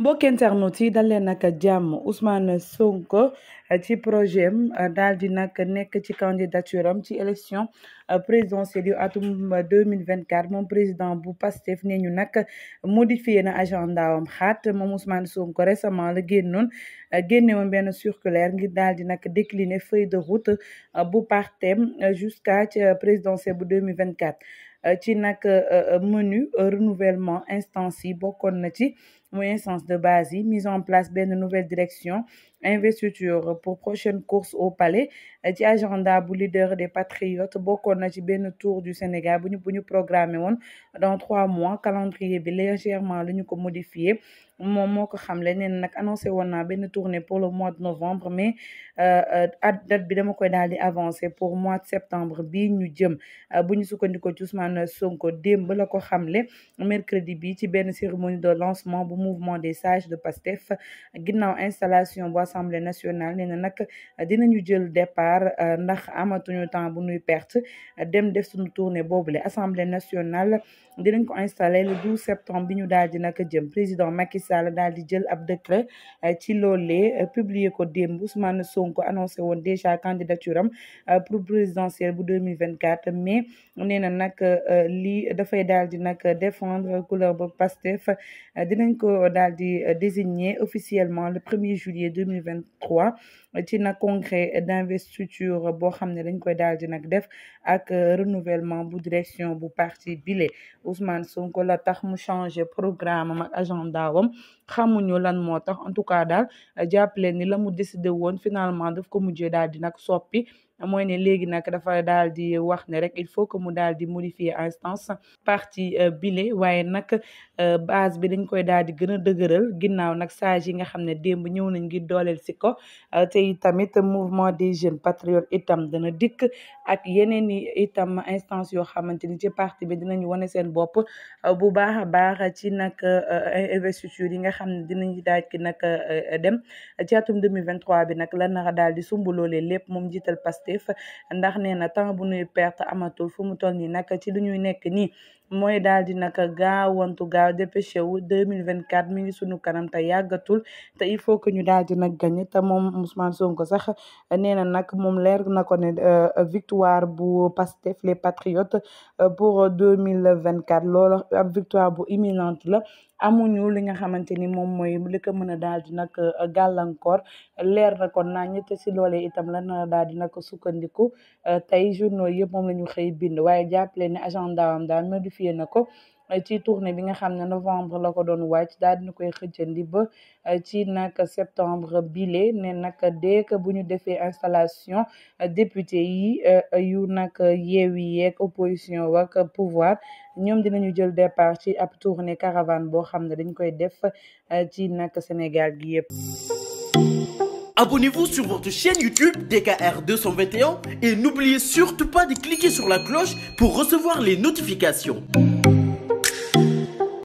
mbokk internautes yi dal leen nag jàmm Ousmane Sonko ci projet am euh, daal di nag nekk ci candidature am ci élection euh, présidentielle yu atum deux mille vingt quatre moom président bu Pastef ne ñu nag modifié na agenda am xaat moom Ousmane Sonko récemment la génnoon euh, génne woon benn circulaire ngir daal di nag décliner feuille de route bu partem jusqu'à ci présidentielle bu deux mille vingt quatre ci nag menu renouvellement instance yi bokkoon na ci. mooy instance de base yi mise en place benn nouvelle direction investiture pour prochaine course au palais euh, ci agenda bu leader des patriotes bokkoon na ci benn tour du Sénégal bu ñu bu ñu woon dans trois mois calendrier bi légèrement la ñu ko modifié moom moo ko xamle neen nag annoncé woon naa benn tournée pour le mois de novembre mais euh, euh, date bi dama koy daal di avancé pour mois de septembre bii ñu jëm bu ñu sukkandikoo ci Ousmane Sonko démb la ko xamle mercredi bi ci benn cérémonie mouvement des sages de Pastef ginnaaw installation bu assemblée nationale nee na nag dinañu jël départ ndax amatuñu temps bu ñuy perte dem def suñu tournée boobule assemblée nationale dinañ ko installé le 12 septembre bi ñu daal di nag jëm président Macky Sall daal di jël ab décret ci loolee publier ko démb Ousmane Sonko annoncé woon déjà candidature am pour présidentielle bu 2024 mais nee na nag dafay daal di défendre couleur bu Pastef dinañ ko ko daal di euh, désigner officiellement le premier juillet deux mille vingt trois euh, ci nag congrès d'investiture boo xam ne dañ koy daal di nag def ak euh, renouvellement bu direction bu parti bile Ousmane Sonko la tax mu changé programme am ak agenda wam xamuñu lan moo tax en tout cas daal jàppale ni la mu décidé woon finalement daf ko mujjee daal di nag soppi. mooy ne léegi nag dafa daal di wax ne rek il faut que mu daal di modifier instance parti euh, bile waaye nag euh, base bi dañ koy daal di gën a dëgëral ginnaaw nag sages yi nga xam ne démb ñëw nañ gi dooleel si ko euh, te itamit mouvement des jeunes patriotes itam dana dikk ak yeneen i itam instance yoo xamante ni ci parti bi dinañ wane seen bopp bu baax a baax ci nag investiture yi nga xam ne dinañ daaj ki nag dem ci atum 2023 bi nag la nara daal di sumb loolee lépp négatif ndax nee na temps bu ñuy perte amatul fu mu toll nii nag ci lu nekk nii mooy daal di nag gaawantu gaaw dépêché wu 2024 mi ngi sunu kanam yàggatul te il faut que ñu daal di nag gagné te moom Ousmane Sonko sax nee na nag moom leer na ko ne euh, victoire bu Pastef les patriotes euh, pour 2024 loolu ab victoire bu imminente la amuñu li nga xamante ni moom mooy li ko mën a daal di nag euh, gàllankoor leer na kon naa ñette si loolee itam la na daal di nag sukkandiku euh, tey journaux yëpp moom la ñu xëy bind waaye jàppale ne agenda am daal modifié na ko ci tournée bi nga xam ne novembre la ko doon wàcc daal dina koy xëccandi ba euh, ci nag septembre bile ne nag dès bu ñu defee installation euh, député yi euh, yu nag yeewi yeeg opposition wak pouvoir ñoom dinañu jël départ ci ab tournée caravane boo xam ne dañ koy def ci nag Sénégal gi yëpp Abonnez-vous sur votre chaîne YouTube DKR et n'oubliez surtout pas de cliquer sur la cloche pour recevoir les notifications